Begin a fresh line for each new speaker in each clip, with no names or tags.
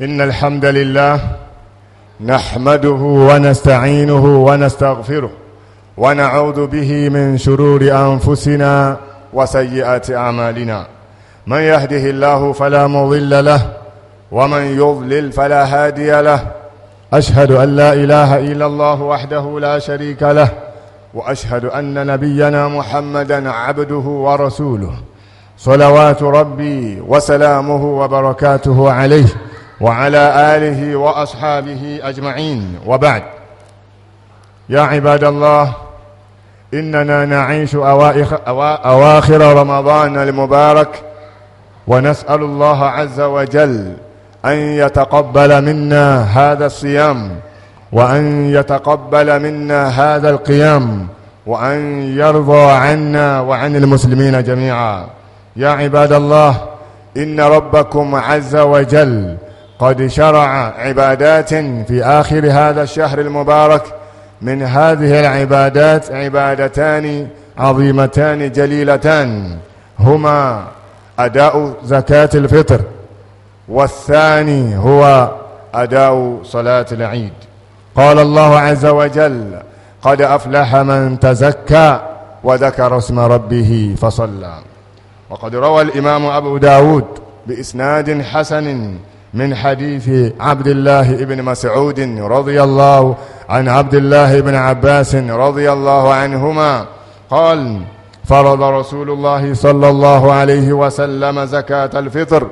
إن الحمد لله نحمده ونستعينه ونستغفره ونعوذ به من شرور أنفسنا وسيئات أعمالنا من يهده الله فلا مضل له ومن يضلل فلا هادي له أشهد أن لا إله إلا الله وحده لا شريك له وأشهد أن نبينا محمدا عبده ورسوله صلوات ربي وسلامه وبركاته عليه وعلى آله وأصحابه أجمعين وبعد يا عباد الله إننا نعيش أواخر رمضان المبارك ونسأل الله عز وجل أن يتقبل منا هذا الصيام وأن يتقبل منا هذا القيام وأن يرضى عنا وعن المسلمين جميعا يا عباد الله إن ربكم عز وجل قد شرع عبادات في آخر هذا الشهر المبارك من هذه العبادات عبادتان عظيمتان جليلتان هما أداء زكاة الفطر والثاني هو أداء صلاة العيد قال الله عز وجل قد أفلح من تزكى وذكر اسم ربه فصلى وقد روى الإمام أبو داود بإسناد حسن من حديث عبد الله بن مسعود رضي الله عن عبد الله بن عباس رضي الله عنهما قال فرض رسول الله صلى الله عليه وسلم زكاة الفطر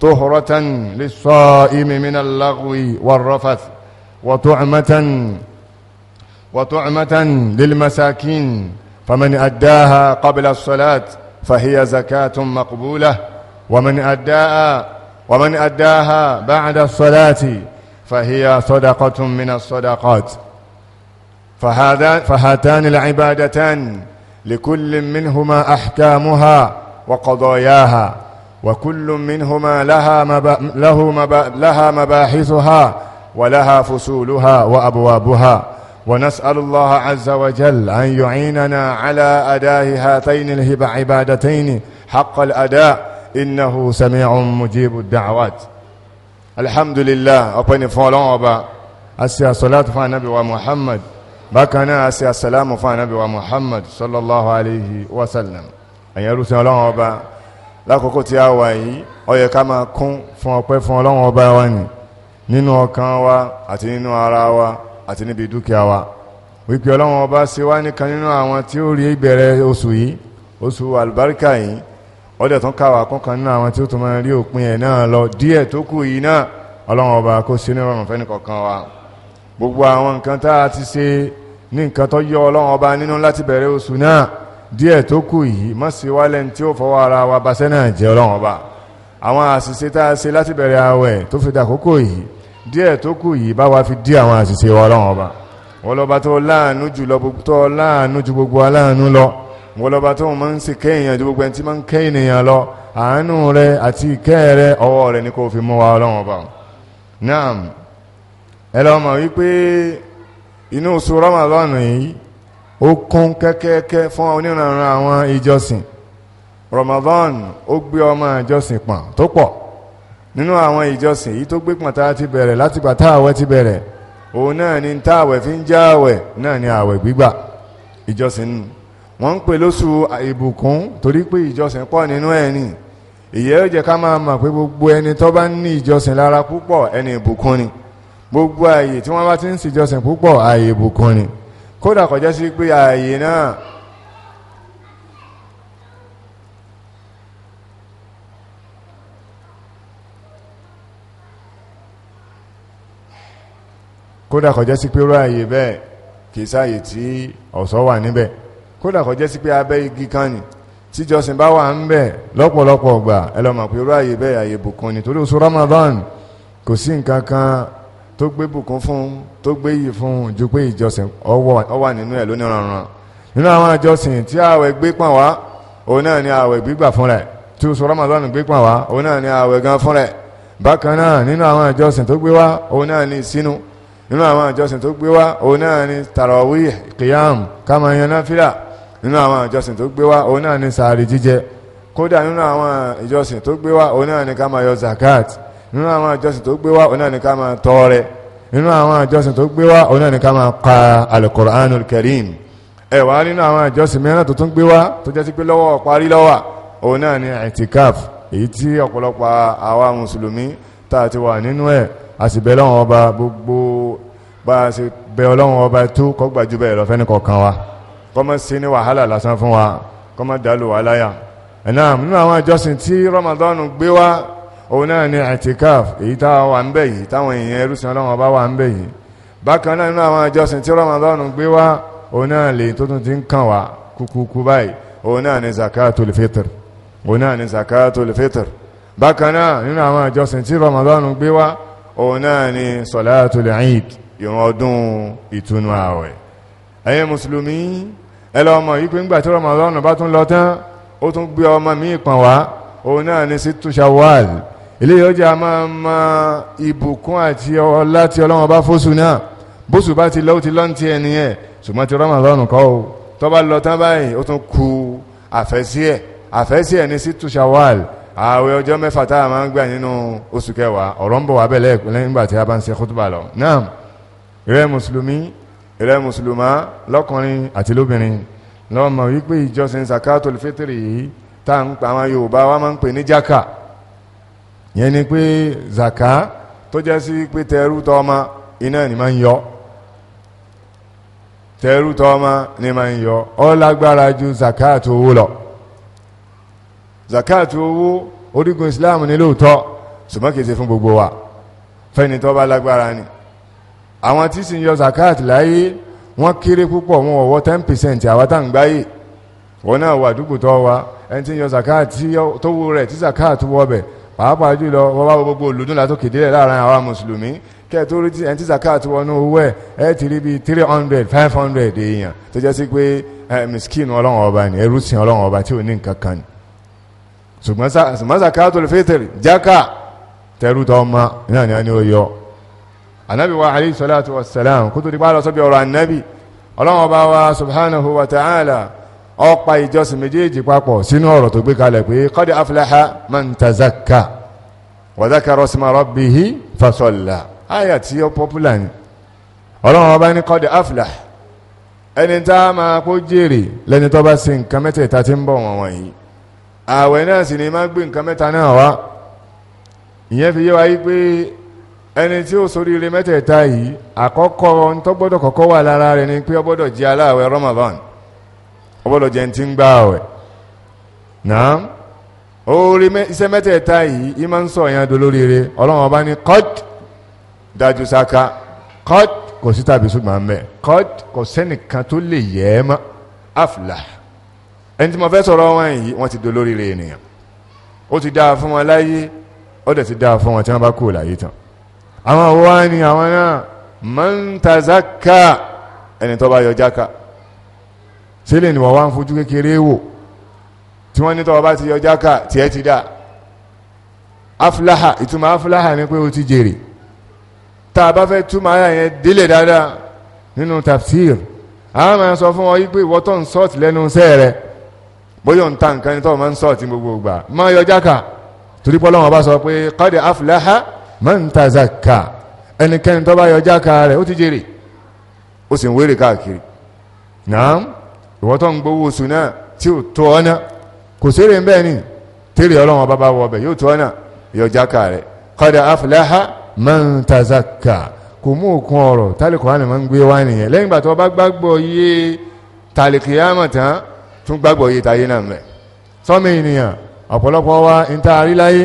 طهرة للصائم من اللغو والرفث وطعمة وطعمة للمساكين فمن أداها قبل الصلاة فهي زكاة مقبولة ومن أداها ومن أداها بعد الصلاة فهي صدقة من الصدقات فهذا فهاتان العبادتان لكل منهما أحكامها وقضاياها وكل منهما لها مبا له مبا لها مباحثها ولها فصولها وأبوابها ونسأل الله عز وجل أن يعيننا على أداء هاتين العبادتين حق الأداء إنه سميع مجيب الدعوات الحمد لله ni fún أبا ọba صلاة فانبي fún anabi wa muhammad bákan náà asi asalamu fún anabi wa muhammad sallallahu alayhi wa sallam ẹ̀yin ẹrú sin Ọlọ́run ọba lákòókò tí a wà yìí ó yẹ ká máa kún fún ọpẹ́ fún Ọlọ́run ọba wa ni nínú ọkàn wa àti nínú ara wa àti níbi dúkìá wa wípé Ọlọ́run ọba ṣe wá nìkan nínú àwọn tí ó rí ìbẹ̀rẹ̀ oṣù yìí oṣù àlùbáríkà yìí ọdẹ tún káwà kọkàn nínú àwọn tí ó tún máa rí òpin ẹ̀ náà lọ díẹ̀ tó kù yìí náà ọlọ́run ọba kó ṣe ní ọrùn fẹ́ni kọ̀ọ̀kan wa gbogbo àwọn nǹkan tá a ti ṣe ní nǹkan tó yọ ọlọ́run ọba nínú láti bẹ̀rẹ̀ oṣù náà díẹ̀ tó kù yìí má sì wálẹ̀ tí ó fọwọ́ ara wa baṣẹ́ náà jẹ́ ọlọ́run ọba àwọn àṣìṣe tá a ṣe láti bẹ̀rẹ̀ àwẹ̀ tó fi dàkókò yìí díẹ̀ tó kù yìí bá wa fi dí àwọn àṣìṣe wa ọlọ́run ọba wọ́n lọ́ba tó láàánú jù gbogbo aláàánú lọ wọlọba tó máa ń ṣe kẹ́yìn ju gbogbo ẹni tí máa ń kẹ́yìn nìyàn lọ àánú rẹ àti ìkẹ́ rẹ ọwọ́ rẹ ní kó fi mú wa ọlọ́run ọba náà ẹ lọ mọ̀ wípé inú oṣù Ramadan yìí ó kún kẹ́kẹ́kẹ́ fún onírànran àwọn ìjọsìn Ramadan ó gbé ọmọ ìjọsìn pọ̀n tó pọ̀ nínú àwọn ìjọsìn yìí tó gbé pọ̀n tá a ti bẹ̀rẹ̀ láti gbà táàwẹ̀ ti bẹ̀rẹ̀ òun náà ni táàwẹ̀ fi ń jáwẹ̀ náà ni àwẹ̀ gbígbà ìjọsìn nù wọ́n ń pè lóṣù ìbùkún torí pé ìjọsìn pọ̀ nínú ẹ̀ ni ìyẹ́ ó jẹ́ ká máa mọ̀ pé gbogbo ẹni tó bá ní ìjọsìn lára púpọ̀ ẹni ìbùkún ni gbogbo ààyè tí wọ́n bá ti ń sì ìjọsìn púpọ̀ ààyè ìbùkún ni kódà kọjá sí pé ààyè náà kódà kọjá sí pé rú ààyè bẹ́ẹ̀ kìí sáàyè tí ọ̀ṣọ́ wà níbẹ̀ kódà kò jẹ́ sí pé abẹ́ igi kan ni tíjọsìn bá wà ń bẹ̀ lọ́pọ̀lọpọ̀ ọgbà pé irú bẹ́ẹ̀ ni torí oṣù Ramadan kò sí nǹkan kan tó gbé bùkún fún tó gbé yìí fún ju pé ìjọsìn ọwọ nínú ẹ̀ lónìí ọ̀ràn nínú àwọn tí ààwẹ̀ gbé pọ̀n wá òun náà ni ààwẹ̀ gbígbà fún rẹ̀ tí Ramadan gbé pọ̀n wá òun náà ni ààwẹ̀ gan fún rẹ̀ bákan nínú àwọn nínú àwọn ìjọsìn tó gbé wá òun náà ni sàárì jíjẹ kódà nínú àwọn ìjọsìn tó gbé wá òun náà ni ká máa yọ zakat nínú àwọn ìjọsìn tó gbé wá òun náà ni ká máa tọrẹ nínú àwọn ìjọsìn tó gbé wá òun náà ni ká máa ka alukoranul karim ẹ̀wà nínú àwọn ìjọsìn mìíràn tó tún gbé wá tó jẹ́ sí pé lọ́wọ́ parí lọ́wà òun náà ni itikaf èyí tí ọ̀pọ̀lọpọ̀ àwa mùsùlùmí tá a ti wà nínú ẹ̀ a sì bẹ lọ́wọ́ ọba gbogbo bá a sì bẹ ọlọ́wọ́ ọba tó kọ́gbàjú bẹ́ẹ̀ lọ́fẹ́ nìkọ̀ọ̀kan wa kọ́mọ sí ní wàhálà lásán fún wa kọ́mọ dàlù wà láyà ẹ̀nà nínú àwọn ìjọsìn tí Ramadan gbé wá òun náà ni àtìkáf èyí táwọn wà ń bẹ̀ yìí táwọn èèyàn ẹrúsìn Ọlọ́run ọba wà ń bẹ̀ yìí bákan náà nínú àwọn ìjọsìn tí Ramadan gbé wá òun náà lè tó tún ti ń kàn wá kúkúkú báyìí òun náà ni zakatul fitr òun náà ni zakatul fitr bákan náà nínú àwọn ìjọsìn tí Ramadan gbé wá òun náà ni sọlátul eid ìrun ọdún ìtúnu ààwẹ̀ ẹ̀yin mùsùlùmí ẹ lọ ọmọ yìí pé ńgbà tí Ramadan bá tún lọ tán ó tún gbé ọmọ míì pọ̀n wá òun náà ní sítú Shawwal eléyìí ó jẹ́ a máa ma ìbùkún àti ọlá tí Ọlọ́run bá fóṣù náà bóṣù bá ti lọ ó ti lọ́ntì ẹni ẹ̀ ṣùgbọ́n ti Ramadan kọ́ o tó bá lọ tán báyìí ó tún ku àfẹ́sí ẹ̀ àfẹ́sí ẹ̀ ní sítú Shawwal ààwẹ̀ ọjọ́ mẹ́fà tá a máa ń gbà nínú oṣù kẹwàá ọ̀rọ̀ ń bọ̀ wá bẹ̀ lẹ́yìn ilẹ̀ mùsùlùmá lọ́kùnrin àti lóbìnrin lọ́mọ wípé ìjọsìn zakatul fitri yìí tá à ń pa àwọn yorùbá wa máa ń pè ní jaka yẹn ni pé zaka tó jẹ́ sí pé tẹrú tọ́mọ iná ni máa ń yọ tẹrú tọ́mọ ni máa ń yọ ó lágbára ju zakatul owó lọ zakatul owó orígun islam ní lóòótọ́ ṣùgbọ́n ṣe fún gbogbo wa fẹ́ni tó bá lágbára ni àwọn tí sì ń yọ zakat láyé wọ́n kéré púpọ̀ wọn ọ̀wọ́ ten percent àwa tá ń gbáyé wọn náà wà àdúgbò tó wa ẹni tí ń yọ zakat tó wú rẹ̀ tí zakat wọ bẹ̀ pàápàá jùlọ wọ́n bá gbogbo olùdún látó kéde rẹ̀ láàrin àwa mùsùlùmí kẹ́ẹ̀tórí tí ẹni tí zakat wọnú owó ẹ̀ ẹ̀ ti rí bíi three hundred five hundred èèyàn tó jẹ́ sí pé miskin ọlọ́run ọba ni ẹrú sin ọlọ́run ọba tí ò ní nǹkan kan ni ṣùgbọ́n zakatul fitr jákà tẹrù tọ́ ọmọ náà ni wọ́n yọ anabi wa alayhi salatu wa salam kó tó di pa lọ sọ́bí ọ̀rọ̀ anabi ọlọ́run ọba wa subhanahu wa ta'ala ó pa ìjọsìn méjèèjì papọ̀ sínú ọ̀rọ̀ tó gbé kalẹ̀ pé qad aflaha man tazakka wa dhakara isma rabbihi fasalla àyà tí ó pọ́pùlà ni ọlọ́run ọba ní qad aflaha ẹni tá a máa kó jèrè lẹ́ni tó bá ṣe nǹkan mẹ́tẹ̀ẹ̀ta tí ń bọ̀ wọ̀n wọ̀nyí ààwẹ̀ náà sì ni má gbé nǹkan mẹ́ta náà wá ìyẹn fi yé wa yí pé ẹni tí ó soríire mẹ́tẹ̀ẹ̀ta yìí àkọ́kọ́ ń tó gbọ́dọ̀ kọ́kọ́ wà lára rẹ̀ ni pé ó gbọ́dọ̀ jẹ́ aláàwẹ̀ Ramadan ó gbọ́dọ̀ jẹ́ ti ń gbà àwẹ̀ náà orí iṣẹ́ mẹ́tẹ̀ẹ̀ta yìí í máa ń sọ ìyẹn dolóríire ọlọ́run ọba ní kọ́t dájú sáká kọ́t kò sí tàbí ṣùgbọ́n mẹ́ kọ́t kò sẹ́nìkan tó lè yẹ ẹ́ mọ́ afla ẹni tí mo fẹ́ sọ̀rọ̀ wọn yìí wọ́n ti dolóríire ènìyàn ó ti dáa fún wọn láyé ó dẹ̀ ti dáa fún wọn tí wọ́n bá kú láyé tán àwọn àwọwá ni àwọn náà mọ́ntazaka ẹni tó bá yọ jáka sílẹ̀ ni wọ́n wá ń fojú kékeré wò tí wọ́n ní tó bá ti yọ jáka tí ẹ ti dá afláhà ìtumọ̀ afláhà ni pé o ti jèrè tá a bá fẹ́ túmọ̀ ara yẹn délẹ̀ dáadáa nínú tafsir a máa sọ fún ọ yí pé ń sọ́ọ̀tì lẹ́nu iṣẹ́ rẹ bóyá ń ta nǹkan ni tó máa ń sọ́ọ̀tì gbogbo gbà má yọ jáka torí pé bá sọ pé qad afláhà mọ́ntazaka ẹnikẹ́ni tó bá yọ jáka rẹ̀ ó ti jèrè ó sì ń wérè káàkiri náà ìwọ tó ń gbowó oṣù náà tí ò tó ọ́nà kò sí èrè ń bẹ́ẹ̀ ni tèrè ọlọ́run ọba bá wọ ọbẹ̀ yóò tó ọ́nà yọ jáka rẹ̀ kọ́dà afúláhà mọ́ntazaka kò mú òkun ọ̀rọ̀ tálíkọ̀ wà máa ń gbé wá nìyẹn lẹ́yìn ìgbà tó bá gbàgbọ́ yé tàlíkìyàmọ̀ tún gbàgbọ́ yé tayé náà mẹ́ sọ́mi ènìyàn ọ̀pọ̀lọpọ̀ wa ń ta àríláyé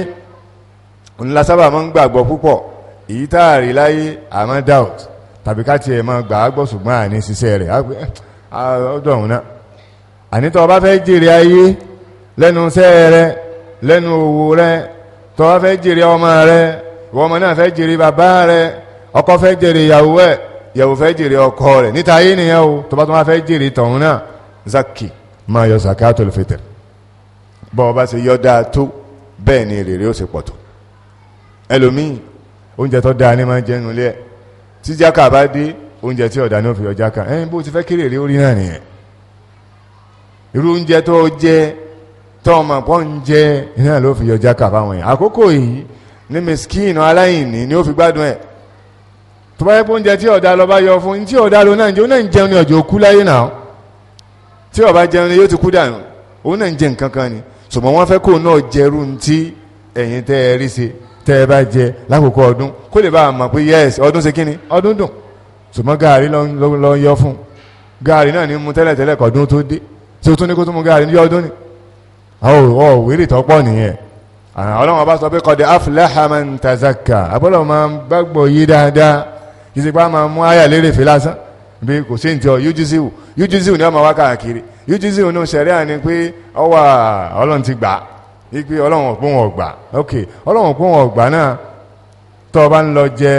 ńlá sábà máa ń gbàgbọ́ púpọ̀ èyí tá a rí láyé àmọ́ doubt tàbí ká tiẹ̀ máa gbà á gbọ́ ṣùgbọ́n àní ṣiṣẹ́ rẹ̀ eh, ọjọ́ òun náà àní tó o bá fẹ́ jèrè ayé lẹ́nu iṣẹ́ rẹ lẹ́nu òwò rẹ tó bá fẹ́ jèrè ọmọ rẹ ọmọ náà fẹ́ jèrè bàbá rẹ ọkọ fẹ́ jèrè ìyàwó ẹ̀ ìyàwó fẹ́ jèrè ọkọ rẹ̀ níta ayé nìyẹn o tó bá tó máa fẹ́ jèrè tọ̀hún náà zaki máa yọ zakatul fitr bọ́ọ̀ bá ṣe yọ dáa tó bẹ́ẹ̀ ni rere ó ṣe pọ̀ tó ẹlòmíì oúnjẹ tó dáa ní máa ń jẹnu lé ẹ tí jákà bá dé oúnjẹ tí ọ̀dà náà fi ọjà kan ẹ bó ti fẹ́ kéré rí orí náà nìyẹn irú oúnjẹ tó jẹ tọ́ọ̀mà pọ́ ń jẹ náà ló fi ọjà kà fáwọn yẹn àkókò yìí ní mẹ́síkìnì aláìní ni ó fi gbádùn ẹ̀ tó bá yẹ pé oúnjẹ tí ọ̀dà lọ bá yọ fún tí ọ̀dà lọ náà ń jẹ náà ń jẹun ní ọjọ́ kú láyé náà tí ọba jẹun ni yóò ti kú dànù ó náà ń jẹ nǹkan kan ni ṣùgbọ́n wọ́n fẹ́ kó náà jẹrú ti ẹ̀yìn tẹ́ ẹ rí ṣe tẹ́ ẹ bá jẹ lákòókò ọdún kó lè bá a mọ̀ pé yẹ́sì ọdún ṣe kíni ọdún dùn ṣùgbọ́n gaari lọ yọ fún gaari náà ni mu tẹ́lẹ̀ tẹ́lẹ̀ kọ́dún tó dé tí o tún ní kó tún mu gaari ní ọdún ni ọ̀ wéré tọ́pọ̀ nìyẹn ọlọ́run ọba sọ pé kọ́dẹ̀ aflaha man tazakka abọ́lọ̀ máa ń gbàgbọ́ yí dáadáa kìí pa máa mú àyà lérè fi lásán bí kò sí ntí ọ ugcu ni ọmọ wa káàkiri ugcu ní sẹ̀rí à pé ọwọ́ ọlọ́run ti gbà á wípé ọlọ́run ọ̀pọ̀ wọn ọ̀gbà ok ọlọ́run ọ̀pọ̀ wọn ọ̀gbà náà tó bá ń lọ jẹ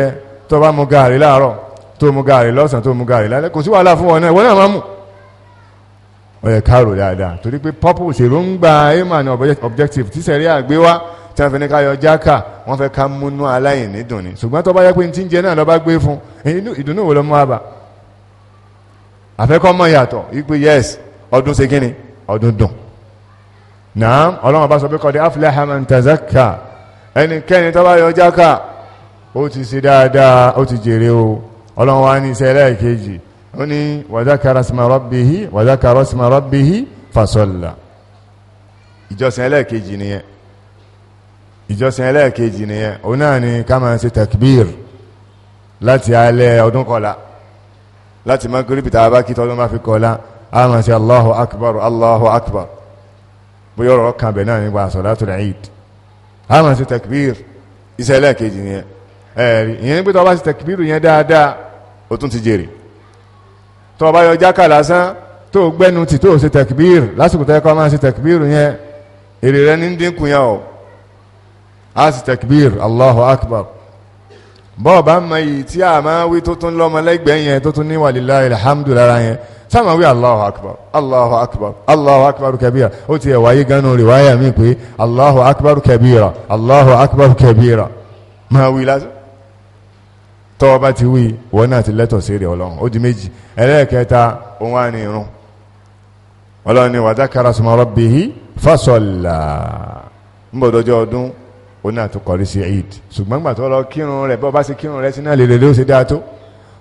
tó bá mu gààrí láàárọ̀ tó mu gààrí lọ́sàn tó mu gààrí lálẹ́ kò sí wàhálà fún wọn náà wọn náà máa mú ó yẹ káàrò dáadáa torí pé purpose èròǹgbà emma ní objective tí sẹ̀rí àgbé wá tí wọ́n fẹ́ ní ká yọ jáka wọ́n fẹ́ ká múnú aláìní dùn ni ṣùgbọ́n tó bá yẹ pé ní tí ń jẹ náà lọ́ba gbé fún ìdùnnú wo ló mú wa àfẹ́kọ́ mọ̀ yàtọ̀ wípé yes ọdún ṣe kínni ọdún dùn náà ọlọ́run bá sọ pé kọ́dé aflaha man tazakka ẹnikẹ́ni tó bá yọ jáka ó ti ṣe dáadáa ó ti jèrè o ọlọ́run wá ní iṣẹ́ ẹlẹ́ẹ̀kejì ó ní wa zakara isma rabbihi wa zakara isma rabbihi fasalla ìjọsìn ẹlẹ́ẹ̀kejì nìyẹn ìjọsìn ẹlẹ́ẹ̀kejì nìyẹn òun náà ni ká máa ṣe takbir láti alẹ́ ọdún kọlá láti mọ́ gírípì tá a bá fi kọlá a ṣe allahu akbar allahu akbar bóyá ọ̀rọ̀ kan bẹ̀ náà nípa sọ̀látù Eid a máa ṣe tẹkbír iṣẹ́ ẹlẹ́ẹ̀kejì yẹn ẹ̀rí ìyẹn nígbà tó bá ṣe tẹkbír yẹn dáadáa ó tún ti jèrè tó bá yọ jákà lásán tó gbẹ́nu tì tó ṣe tẹkbír lásìkò tẹ́kọ́ máa ṣe tẹkbír yẹn èrè rẹ ní dínkù yẹn o a ṣe tẹkbír Allahu Akbar bọ́ọ̀bá mọ yìí tí a máa wí tó tún lọ́mọ lẹ́gbẹ̀ẹ́ yẹn tó tún ní wàlíláì alhamdulillah yẹn sáàmà wí allahu akbar allahu akbar allahu akbar kabira ó ti ẹ̀wà yìí ganu rìwáyà mi pé allahu akbar kabira allahu akbar kabira máa wí lásán tọ́ ọba ti wí wọn náà ti lẹ́tọ̀ sí ọlọ́run ó di méjì ẹlẹ́ẹ̀kẹta òun wà irun ọlọ́run ni wa dhakara isma rabbihi fasalla ń bọ̀dọ̀jọ́ ọdún ó náà tó kọrí sí eid ṣùgbọ́n gbà tó lọ kírun rẹ̀ bọ́ bá ṣe kírun rẹ̀ sí náà lèlè ló ṣe dáa tó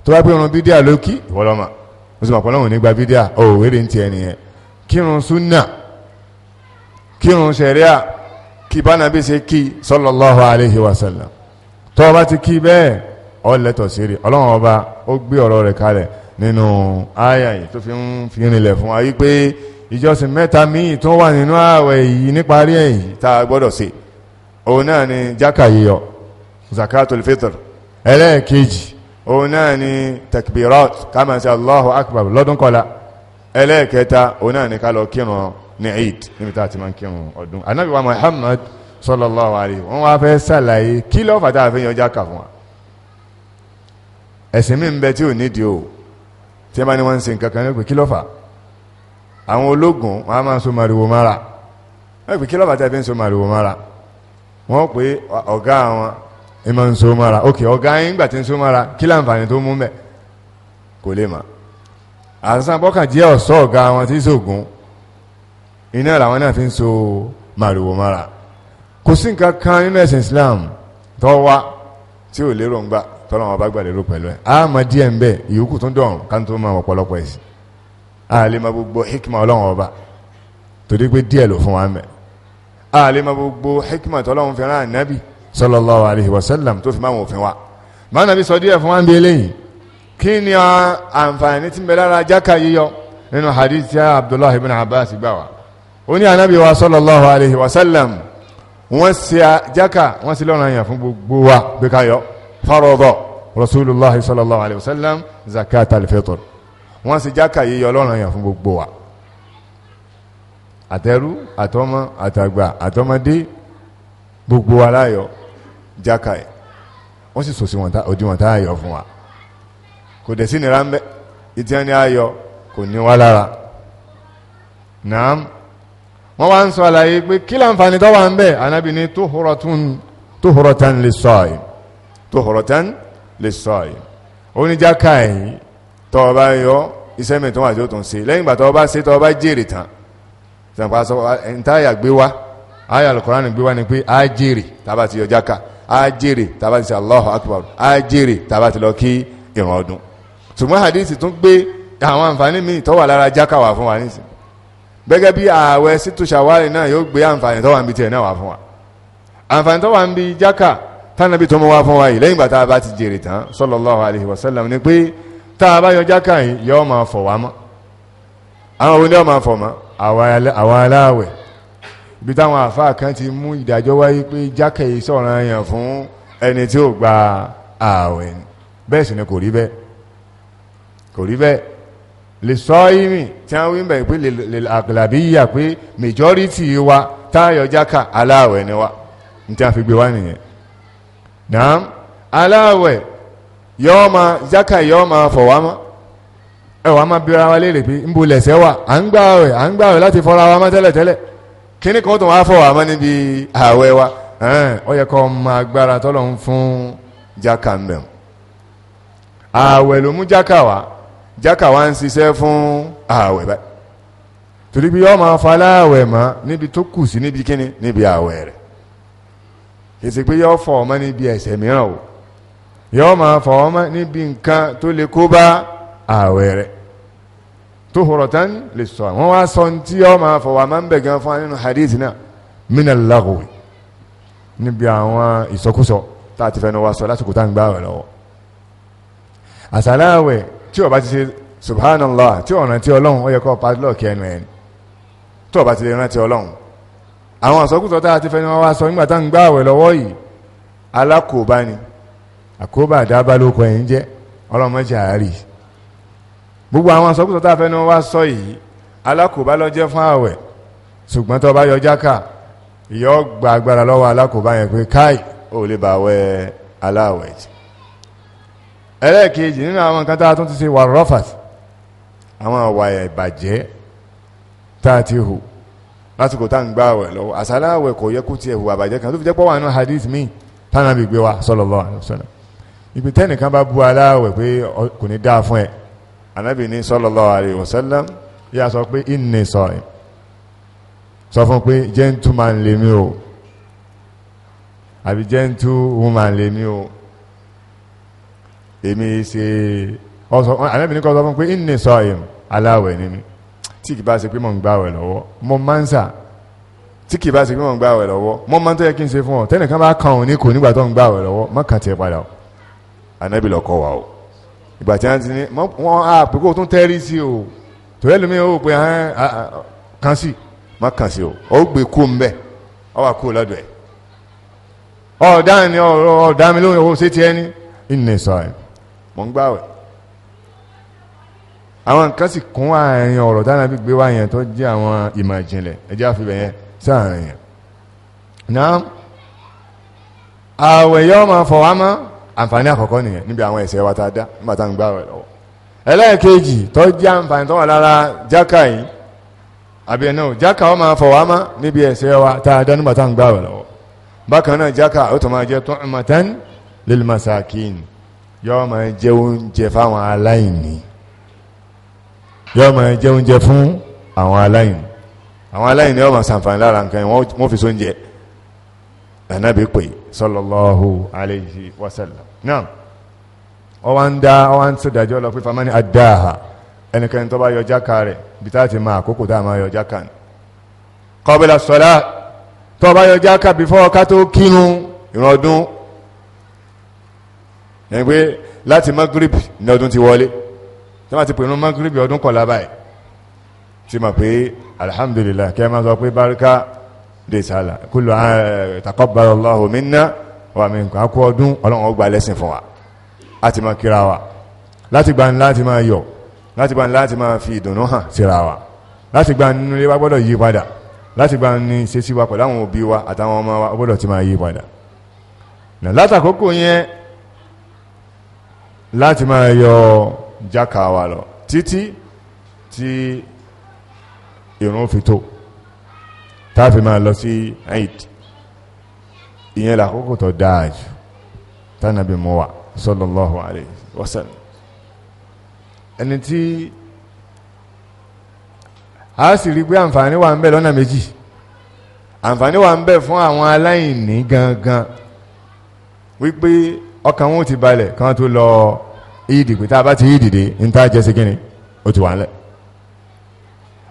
tó bá pé irun bídíà ló kí ìwọlọ́mà ó sì mọ̀ pọ́nlọ́hùn nígbà bídíà ó wéré ń tiẹ̀ nìyẹn kírun súnà kírun ṣẹ̀ríà kí bánabi ṣe kí sallallahu alaihi wasallam tó bá ti kí bẹ́ẹ̀ ọ lẹ́tọ̀ sírí ọlọ́run ọba ó gbé ọ̀rọ̀ rẹ̀ kalẹ̀ nínú àyà yìí tó fi ń fi rinlẹ̀ fún wa yí pé ìjọsìn mẹ́ta míì tó wà nínú ààwẹ̀ yìí níparí ẹ̀yìn tá a gbọ́dọ̀ ṣe òun náà ni jákà yíyọ zakatul fitr ẹlẹ́ẹ̀kejì òun náà ni takbirat kama sí allahu akbar lọ́dún kọlá ẹlẹ́ẹ̀kẹta òun náà ni ká lọ kírun ní eid níbi tá a ti máa ń kírun ọdún anabi wa muhammad sallallahu alayhi wọn wá fẹ́ sàlàyé kí ló fàtà àfihàn jákà fún wa ẹ̀sìn mi ń bẹ tí ò nídìí o tí ẹ bá ní wọ́n ń ṣe nǹkan kan lẹ́gbẹ̀ẹ́ kí ló fà àwọn ológun wọn a máa so màrìwò mara lẹ́gbẹ̀ẹ́ kí ló fàtà àfihàn so màrìwò mara wọ́n pé ọ̀gá àwọn ìmọ̀ ń so mara ok ọ̀gá yín gbà tí ń so mara kí láǹfààní tó mú mẹ́ kò lè mà àṣà bọ́kàn jẹ́ ọ̀ṣọ́ ọ̀gá àwọn tí sògùn iná làwọn náà fi ń so màrìwò mara kò sí nǹkan kan nínú ẹ̀sìn Islam tó wá tí ò lérò ń gbà tọ́lọ́ wọn bá gbà lérò pẹ̀lú ẹ̀ á mọ díẹ̀ ń bẹ̀ ìyókù tó ń dọ̀rùn ká tó máa ọ̀pọ̀lọpọ̀ ẹ̀sìn á lè máa gbogbo hikma ọlọ́run ọba torí pé díẹ̀ ló fún wa mẹ́ àlèmọ̀ gbogbo hikma tọ́lọ́run fi rán ànábì sallallahu alaihi wasallam tó fi máa wọ̀n òfin wa máa nàbí sọ díẹ̀ fún wa ń bí eléyìí kí ni àǹfààní tí ń bẹ lára jákà yíyọ nínú hadith tí abdullahi ibn abbas gbà wá ó ní ànábì wa sallallahu alaihi wasallam wọ́n ṣe jákà wọ́n sì lọ́ràn yàn fún gbogbo wa pé ká yọ farada rasulullah sallallahu alaihi wasallam zakat al-fitr wọ́n ṣe jákà yíyọ lọ́ràn fún gbogbo wa àtẹrú àtọmọ àtàgbà àtọmọdé gbogbo aláyọ̀ jáka ẹ̀ wọ́n sì sòsì òdiwọ̀n tá ayọ̀ fún wa kò dẹ̀ sí nira ń bẹ́ ìtí ẹni ayọ̀ kò ní wá lára naam wọ́n wá ń sọ àlàyé pé kí láǹfààní tó wà ń bẹ̀ anábì ní tuhuratan lis-sa'im tuhuratan lis-sa'im oníjáka ẹ̀yìn tó bá yọ iṣẹ́ mi tó wà tí tún ṣe lẹ́yìn ìgbà tó bá ṣe tó bá jèrè tán sànpá sọ ẹ̀ńtáyà gbé wá ayé alukọ́ránì gbé wá ni pé á jèrè tábà ti yọjá ká á jèrè tábà ti sẹ Allahu Akbar á jèrè tábà ti lọ kí ìrun ọdún ṣùgbọ́n hadisi tún gbé àwọn àǹfààní míì tó wà lára jákà wà fún wa nísìnyí gẹ́gẹ́ bí ààwẹ̀ sítúṣàwárì náà yóò gbé àǹfààní tó wà níbi tiẹ̀ náà wà fún wa àǹfààní tó wà níbi jákà tánàbí tó mú wá fún wa yìí lẹ́yìn bàtà bá ti jèrè tán sallallahu alaihi wasallam ni pé tá a bá yọ jákà yìí yọ máa fọ̀ wá mọ́ àwọn òní ọ̀ máa fọ̀ mọ́ àwa aláwẹ̀ ibi táwọn àfáà kan ti mú ìdájọ́ wáyé pé jákè yìí sọ̀rọ̀ yàn fún ẹni tí ó gba ààwẹ̀ bẹ́ẹ̀ sì ni kò rí bẹ́ẹ̀ kò rí bẹ́ẹ̀ lè sọ ìmì tí wọ́n wí ń bẹ̀ pé lè àgàlàbíyà pé majority wa táyọ̀ jákà aláwẹ̀ ni wa ní tí a fi gbé wá nìyẹn náà aláwẹ̀ yọ́ ma jákà yọ́ ma fọ̀wá mọ́ ẹ wàá máa bíra wa léèrè pé ń bo lẹ̀sẹ̀ wà à ń gbà rẹ̀ à ń gbà rẹ̀ láti fọ́ra wa má tẹ́lẹ̀ tẹ́lẹ̀ kíní kan tó wá fọ́ wa má níbi ààwẹ̀ wa ó yẹ kó máa gbára tọ́lọ̀ ń fún jákà ń bẹ̀ ààwẹ̀ ló mú jákà wá jákà wá ń ṣiṣẹ́ fún ààwẹ̀ báyìí torí bí yọ́ máa faláàwẹ̀ mọ́ níbi tó kù sí níbi kíní níbi ààwẹ̀ rẹ̀ èsì pé yọ́ fọ́ ọmọ níbi ẹ̀ṣẹ̀ mìíràn o yọ́ máa fọ́ ọmọ ààwẹ̀ rẹ̀ tuhuratan lis-sawm wọ́n wá sọ tí ọ máa fọ wà máa ń bẹ̀ gan fún wa nínú hadith náà minal laghwi níbi àwọn ìsọkúsọ tá a ti fẹnu wa sọ lásìkò tá n gbà wẹ̀ lọ́wọ́ àsàláwẹ̀ tí o bá ti ṣe subhanallah tí ọ̀ràn tí ọlọ́run ó yẹ kó padlọ́ọ̀kì ẹnu ẹni tí o bá ti lè rántí ọlọ́run àwọn àsọkúsọ tá a ti fẹnu wa sọ nígbà tá n gbà wẹ̀ lọ́wọ́ yìí alákòóbá ni àkóbá àdábá ló kọ jẹ́ ọlọ́mọ àárí gbogbo àwọn sọkúsọ tá a fẹ́ ni wọ́n wá sọ yìí alákòóbá lọ jẹ́ fún àwẹ̀ ṣùgbọ́n tó bá yọ jáka yọ gba agbára lọ́wọ́ alákòóbá yẹn pé káì ó lè bá wẹ aláwẹ̀ jì ẹlẹ́ẹ̀kejì nínú àwọn nǹkan tá a tún ti ṣe wà rọ́fàt àwọn àwà ìbàjẹ́ tá a ti hù lásìkò tá à ń gbá àwẹ̀ lọ́wọ́ àsálàwẹ̀ kò yẹ kó tiẹ̀ hù àbàjẹ́ kan tó fi jẹ́ pọ́ wà nínú hadith míì tánàbì gbé wa sallallahu alaihi wasallam ìpìtẹ́nìkan bá bú aláwẹ̀ pé kò ní dáa fún ẹ̀ anábì ní sallallahu alayhi wa sallam yá sọ pé inni sọ̀rọ̀ sọ fún pé gentleman lèmi o àbí gentlewoman lèmi o èmi ṣe anábì ní kọ́ sọ fún pé inni sọ̀rọ̀ aláwẹ̀ ni mi tí kì bá ṣe pé mò ń gbàwẹ̀ lọ́wọ́ mo máa ń sà tí kì bá ṣe pé mò ń gbàwẹ̀ lọ́wọ́ mo máa ń tó kí n ṣe fún ọ tẹ́nìkan bá kàn ọ́ ní kò nígbà tó ń gbàwẹ̀ lọ́wọ́ má kàn tiẹ̀ padà o anábì lọ́kọ̀ wa o ìgbà tí wọ́n ti ní wọ́n á pé kó tún tẹ́rí sí o tòlẹ́ lómi ó pe kàn sí má kàn sí o ó gbé kó ń bẹ̀ ọ wà kó lọ́dọ̀ ẹ̀ ọ̀dá ni ọ̀dá mi lóhùn ọ̀hún ṣé ti ẹ́ ní ìnìyàn sọ̀rọ̀ mọ̀ ń gbàwẹ̀ àwọn nǹkan sì kún àárín ọ̀rọ̀ dáná bí gbé wá yẹn tó jẹ́ àwọn ìmọ̀ ìjìnlẹ̀ ẹjẹ́ àfihàn yẹn sáàrin yẹn àwẹ̀ yọ́ máa fọ̀ wá mọ́ àǹfààní àkọ́kọ́ nìyẹn níbi àwọn ẹ̀ṣẹ̀ wa tá a dá nígbà tá à ń gbà rẹ̀ lọ́wọ́ ẹlẹ́ẹ̀kejì tó jẹ́ àǹfààní tó wà lára jákà yìí àbí ẹ̀nà jákà ó máa fọwọ́ má níbi ẹ̀ṣẹ̀ wa tá a dá nígbà tá à ń gbà rẹ̀ lọ́wọ́ bákan náà jákà ó tó máa jẹ́ tu'matan lil masakin yóò máa jẹ́ oúnjẹ fáwọn aláìní yóò máa jẹ́ oúnjẹ fún àwọn aláìní àwọn aláìní yóò máa ṣàǹfààní lára nǹkan wọ́n fi sóúnjẹ ànábì pè sallallahu alayhi wa sallam náà ọwá ń dá ọwá ń sọdájọ́ lọ pé famani adáha ẹnikẹ́ni tó bá yọ jáka rẹ̀ bí tá ti máa àkókò tá a máa yọ jáka ni kọbílà sọlá tó bá yọ jáka bí ká tó kírun ìrọ̀dún ẹni pé láti magrib ní ọdún ti wọlé tó bá ti pè ní magrib ọdún kọ̀ọ̀lá báyìí ti mọ̀ pé alhamdulillah kẹ́ máa sọ pé báríkà risala kullu taqabbalallahu minna wa minkum akú ọdún ọlọ́run ó gbà lẹ́sìn fún wa láti máa kíra wa láti gba láti máa yọ̀ láti gba láti máa fi ìdùnnú hàn síra wa láti gba nínú ilé wa gbọ́dọ̀ yí padà láti gba ní ṣe sí wa pẹ̀lú àwọn òbí wa àtàwọn ọmọ wa gbọ́dọ̀ ti máa yí padà látàkókò yẹn láti máa yọ jákàá wa lọ títí tí ìrun fi tó táàfi máa lọ sí Eid ìyẹn làkókò tó dáa jù tánàbí mú wa sallallahu alayhi wa sallam ẹni tí a sì rí pé àǹfààní wà ń bẹ lọ́nà méjì àǹfààní wà ń bẹ fún àwọn aláìní gangan wípé ọkàn wọn ti balẹ̀ kan tó lọ ìdì pé tá a bá ti ìdìde ń tá a jẹ́ sí kínni ó ti wà ń lẹ̀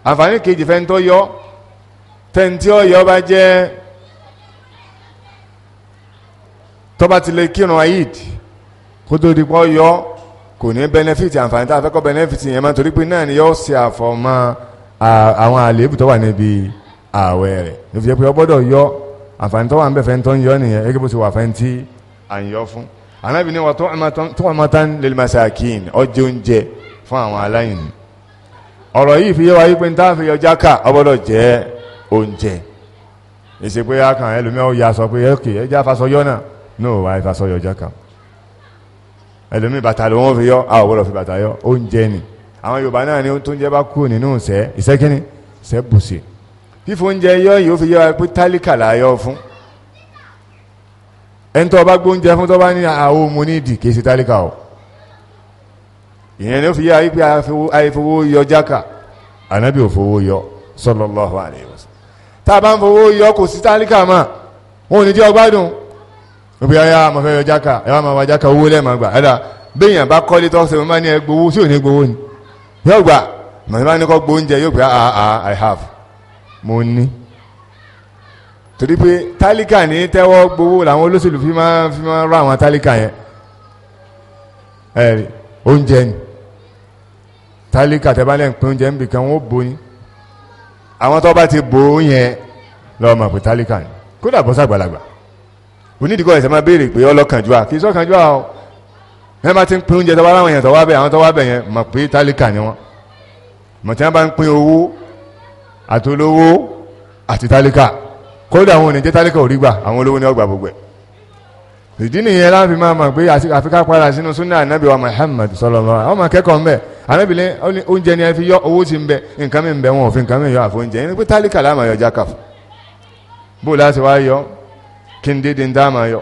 àǹfààní kejì fẹ́ ń tọ́ yọ tẹ̀ǹtì ọ̀yọ́ bá jẹ́ tọ́ba ti lè kírun ayid kó tó di pọ́ yọ kò ní bẹ́nẹ́fìtì àǹfààní tá a fẹ́ kọ́ bẹ́nẹ́fìtì yẹn máa torí pé náà ni yóò ṣe àfọ̀mọ́ àwọn àléébù tó wà níbi ààwẹ̀ rẹ̀ ló fi jẹ́ pé ọ gbọ́dọ̀ yọ àǹfààní tó wà ń bẹ̀ fẹ́ tó ń yọ nìyẹn gẹ́gẹ́ bó ti wà fẹ́ tí à ń yọ fún. Ànábì ní wa tó wà mọ́tán lil masakin ọjọ́ oúnjẹ fún àwọn aláìní ọ̀rọ̀ yìí fi yé wa pé ní táà fi yọ jákà ọ gbọ́dọ̀ jẹ́ oúnjẹ èsì pé a kàn ẹlòmíà ó ya sọ pé ok ẹjẹ afasọyọ náà no wà ìfasọyọ ọjọ kan ẹlòmíì bàtà ló wọn fi yọ a ò fi bàtà yọ oúnjẹ ni àwọn Yorùbá náà ni tó ń jẹ bá kú nínú ìṣẹ́ ìṣẹ́ kínní ìṣẹ́ bùsì fífò oúnjẹ yọ yìí ó fi yọ pé tálíkà là yọ fún ẹni tó bá gbóúnjẹ fún tó bá ní àwọn ọmọ onídìí kì í ṣe tálíkà o ìyẹn ni ó fi yọ ayé pé àìfowó yọ jákà ànábì òfowó yọ sallallahu alaihi tá a bá ń fowó yọ kò sí tálíkà mọ́ wọn ò ní jẹ́ ọgbádùn òbí ọyá mo fẹ́ yọ jáka ẹ wá máa wá jáka owó lẹ́ẹ̀mọ́ gbà ẹ̀dá béèyàn bá kọ́lé tó ṣe mo máa ní ẹ gbowó sí òní gbowó ni yóò gbà mo máa ní kọ́ gbó oúnjẹ yóò gbà ah, ah ah i have mo ní torí pé tálíkà ní tẹ́wọ́ gbowó làwọn olóṣèlú fi máa fi máa rọ àwọn tálíkà yẹn ẹ oúnjẹ ni tálíkà tẹ́ bá lẹ́ oúnjẹ ń bìkan wọ́n bò ní àwọn tó bá ti bò ó yẹn lọ́mọ pé tálíkà ni kódà bọ́ sàgbàlagbà onídìíkọ̀ ẹ̀sẹ̀ máa béèrè pé ọlọ́kànjúà kì í sọ́kànjúà o ẹ bá ti ń pín oúnjẹ tó wá láwọn èèyàn tó wá bẹ̀ àwọn tó wá bẹ̀ yẹn mọ̀ pé tálíkà ni wọ́n mọ̀ tí wọ́n bá ń pín owó àtolówó àti tálíkà kódà àwọn oníjẹ́ tálíkà ò rí gbà àwọn olówó ni ọgbà gbogbo ẹ̀ ìdí nìyẹn láti máa mọ̀ pé àfikà padà sínú súnà ànábì wa Muhammad sallallahu alaihi wasallam ọmọ akẹ́kọ̀ọ́ mbẹ́ arábìnrin oúnjẹ ni ẹ fi yọ owó ti ń bẹ nǹkan mi ń bẹ wọn òfin nǹkan mi yọ àfóúnjẹ yẹn ni pé tálíkà láàmà yọ jákàf bó láti wá yọ kí n dédé ń dá àmà yọ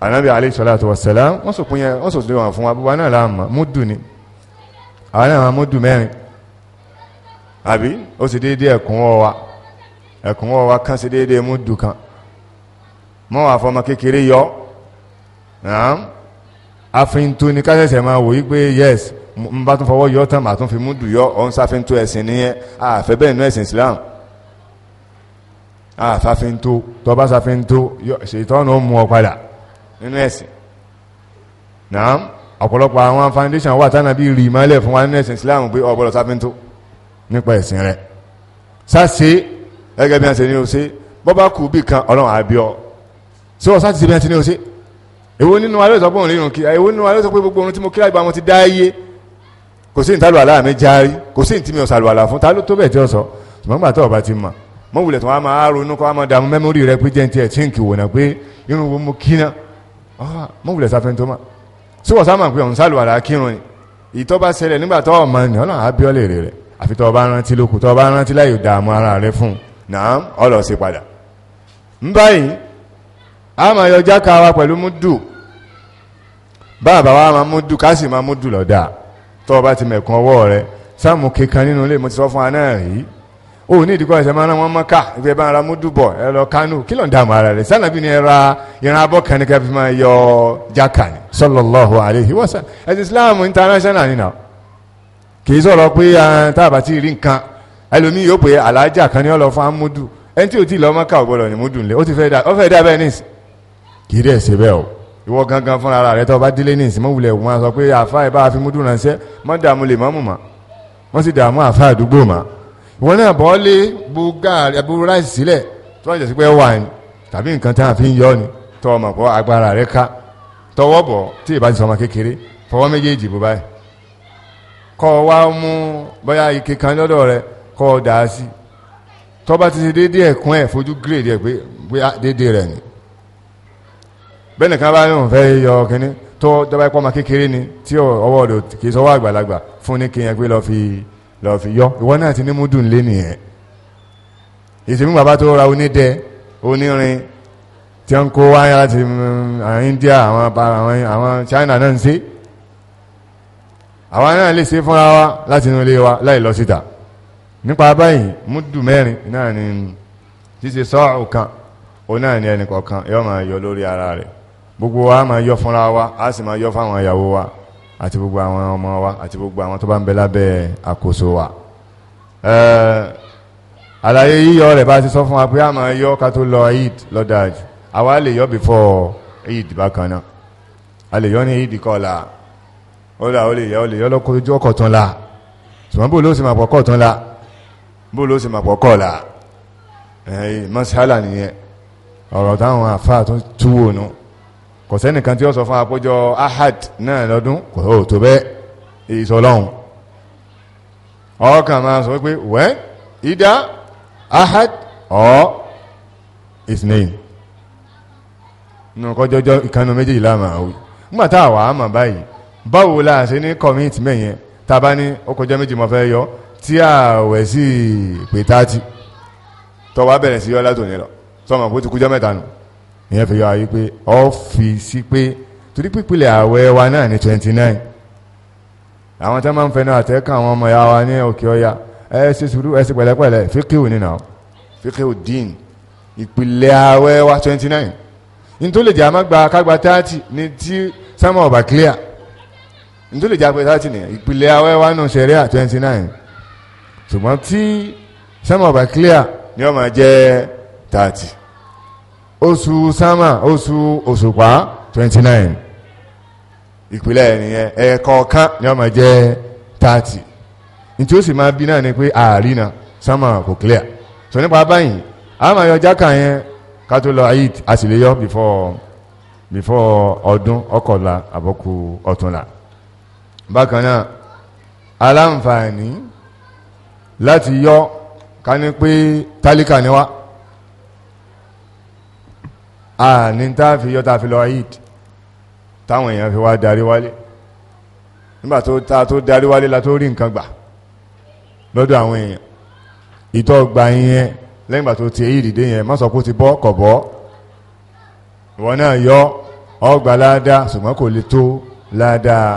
anábì alẹ́ sọlá àti wàsálà wọ́n sòpin yẹn wọ́n sòpin wọn fún wa búwa náà láàmà múdù ni àwọn náà máa múdù mẹ́rin àbí ó sì dédé ẹ̀kúnwọ́ wa ẹ̀kúnwọ́ wa kan sì dédé múdù kan mọ́ wà fọmọ kékeré yọ àfihàn tó ní ká ṣẹ̀ṣẹ̀ máa wò yí pé yes n bá tún fọwọ́ yọ tán màá tún fi mú dùn yọ ọ̀hún sáfin tó ẹ̀sìn nìyẹn àfẹ́ bẹ́ẹ̀ nínú ẹ̀sìn Islam àfàfin tó tọba sáfin tó ṣètọ́nù ó mú ọ padà nínú ẹ̀sìn náà ọ̀pọ̀lọpọ̀ àwọn foundation wà tánà bí rí ìmọ́lẹ̀ fún wa nínú ẹ̀sìn Islam pé ọ̀bọ̀lọ̀ sáfin tó nípa ẹ̀sìn rẹ̀ sáṣe gẹ́gẹ́ bí wọ́n ṣe ní o ṣe bọ́bá kù bí kan ọlọ́run àbíọ́ ṣé wọ́n sáṣe bí wọ́n ṣe ní o ṣe èwo nínú alẹ́ ìsọpọ̀ òun rírun kí èwo nínú alẹ́ ìsọpọ̀ gbogbo ohun tí mo kí lágbàá kò sí ìtàlù àlá mi járí kò sí ìtìmí ọ̀sàlù àlá fún ta ló tó bẹ̀ tí ó sọ ṣùgbọ́n gbà tó ọba ti mọ̀ mọ wulẹ̀ tó wá máa ronú kọ́ máa dààmú mẹ́mórì rẹ pé jẹ́ntì ẹ̀ tí ń kì wò náà pé irun wo mo kí náà ah, mọ wulẹ̀ sáfẹ́ tó mà sí wọ́n sábà pé ọ̀nsàlù àlá kírun ni ìtọ́ bá ṣẹlẹ̀ nígbà tó ọmọ ni ọlọ́run á bí ọ lèrè rẹ àfi tó ọba rántí lókù tó ọba rántí láyò dààmú ara rẹ fún náà ọlọ́ sí padà ń báyìí a máa yọjá ká wa pẹ̀lú múdù bá àbá máa múdù ká sì máa múdù lọ́dà tọ́ ọ bá ti mẹ̀kún ọwọ́ rẹ sáàmù kíkan nínú ilé mo ti sọ fún wa yìí ó ní ìdíkọ́ ẹ̀sẹ̀ máa ń wọ́n mọ́ká ìgbẹ́ bá ń múdùbọ̀ ẹ lọ kánú kí ló ń dààmú ara rẹ̀ sànàbí ni ẹ ra ìran abọ́ kan ní máa yọ jáka ni sallallahu alaihi wasallam ẹ̀sìn Islam international nínà kì í sọ̀rọ̀ pé táàbà tí ì rí nǹkan ẹlòmíì yóò pé alájà kan ní ọlọ́ fún amúdù ẹni tí ò tí ì lọ́ mọ́ká ò gbọ́dọ̀ múdù ńlẹ̀ ó ti fẹ́ dà bẹ́ẹ̀ nísì kì í dẹ̀ ṣe bẹ́ẹ̀ o ìwọ gangan fúnra ara rẹ tó bá délé ní ìsìnmọ́ wulẹ̀ wọn sọ pé àfa ẹ̀ bá fi mú dùnà ṣẹ́ mọ́ dààmú lè mọ́mù mọ́ wọ́n sì dààmú àfa àdúgbò mọ́ ìwọ náà bọ́ lé bu gaari aburú ráìsì sílẹ̀ tó wọ́n jẹ́ sí pé wà ní tàbí nǹkan tá a fi ń yọ ni tọ́ ọmọ pọ̀ agbára rẹ ká tọwọ́ bọ̀ tí ì bá ti sọ ọmọ kékeré fọwọ́ méjèèjì bó báyìí kọ́ ọ wá mú bóyá ike kan lọ́dọ̀ rẹ kọ́ ọ dà á sí tọ́ bá ti ṣe déédéé ẹ̀kún ẹ̀ fojú gírèdì ẹ̀ pé déédéé rẹ̀ ni bẹ́ẹ̀ nìkan bá yóò fẹ́ yọ kínní tó dọ́bà ẹ̀kọ́ ọmọ kékeré ni tí ọwọ́ rẹ̀ kì í sọ́wọ́ àgbàlagbà fún ní kéèyàn pé lọ́ọ́ fi lọ́ọ́ fi yọ ìwọ náà ti ní múdùn lé nìyẹn ìsinmi bàbá tó ra onídẹ onírin tí wọ́n kó wáyé láti mm, India àwọn China náà ń ṣe àwa náà lè ṣe fúnra wa láti inú ilé wa láì lọ síta nípa báyìí múdù mẹ́rin náà ni ṣíṣe sọ́ọ̀kan òun náà ni ẹnì kọ̀ọ̀kan yóò máa yọ lórí ara rẹ̀ gbogbo wa máa yọ fúnra wa a sì máa yọ fáwọn ìyàwó wa àti gbogbo àwọn ọmọ wa àti gbogbo àwọn tó bá ń bẹ lábẹ́ àkóso wa eh, àlàyé yíyọ rẹ̀ bá ti sọ fún wa pé a máa yọ ká tó lọ eid lọ́dájú àwa lè yọ before eid bákan náà a lè yọ ní eid kọ́la ó là ó lè yọ ó lè yọ lọ́kọ́jú ọkọ̀ tán la ṣùgbọ́n bó ló sì máa pọ̀ kọ́ tán la bó ló sì máa pọ̀ kọ́ la mọ́sálà nìyẹn ọ̀rọ̀ táwọn àfáà tó túwò náà kò sẹ́nìkan tí ó sọ fún àpéjọ ahad náà lọ́dún kò ó tó bẹ́ẹ̀ ìsọlọ́hún ọkàn máa sọ pé wẹ́ ìdá ahad ọ́ ìsìnẹ́yìn nù kọjọjọ ìkanu méjèèjì láàmà wí nígbà tá àwà àmà báyìí báwo la ṣe ní kọ́míìtì mẹ́yẹn tá bá ní ó kọjọ méjì mọ́ fẹ́ yọ tí àwẹ̀ sí pé tọ́wọ́ bẹ̀rẹ̀ sí yọ látòní lọ sọmọ kó ti kújọ mẹ́ta nù ìyẹn fi yọ ayé pé ọ fi sí pé torí pípìlẹ̀ ààwẹ̀ wa náà ní twenty nine àwọn tó máa ń fẹnu àtẹ́kàn àwọn ọmọ ya wa ní òkè ọya ẹ ṣe sùúrù ẹ ṣe pẹ̀lẹ́pẹ̀lẹ́ fíkìw nínà fíkìw dín ìpìlẹ̀ ààwẹ̀ wa twenty nine ní tó lè jẹ́ àmàgbà kágbà thirty ní tí sámà ọ̀bà clear ní tó lè jẹ́ àpẹ thirty nìyẹn ìpìlẹ̀ ààwẹ̀ wa nù sẹ̀ríà twenty nine ṣùgbọ́n tí sámà ọ̀bà clear ni ó máa thirty. osu sámà osu osukwa twenty nine ìpìlẹ̀ nìyẹn ẹ̀ẹ̀kọ̀ọ̀kan ni wọ́n máa jẹ́ thirty nítí ó sì máa bí náà ni pé sama kò clear so nípa báyìí a máa yọ jákà yẹn a before before ọdún ọkọ̀la àbọ̀kù ọ̀túnla bákan náà aláǹfààní láti yọ ká ní pé àní ah, tá a fi yọ tá a fi lọ Eid táwọn èèyàn fi wá darí wálé nígbà tó ta tó darí wálé la tó rí nǹkan gbà lọ́dọ̀ àwọn èèyàn ìtọ́ gba yẹn lẹ́yìn tó ti èyí dìde yẹn má sọ pé ti bọ́ kọ̀ bọ́ ìwọ náà yọ ọgbà ládàá ṣùgbọ́n kò lè tó ládàá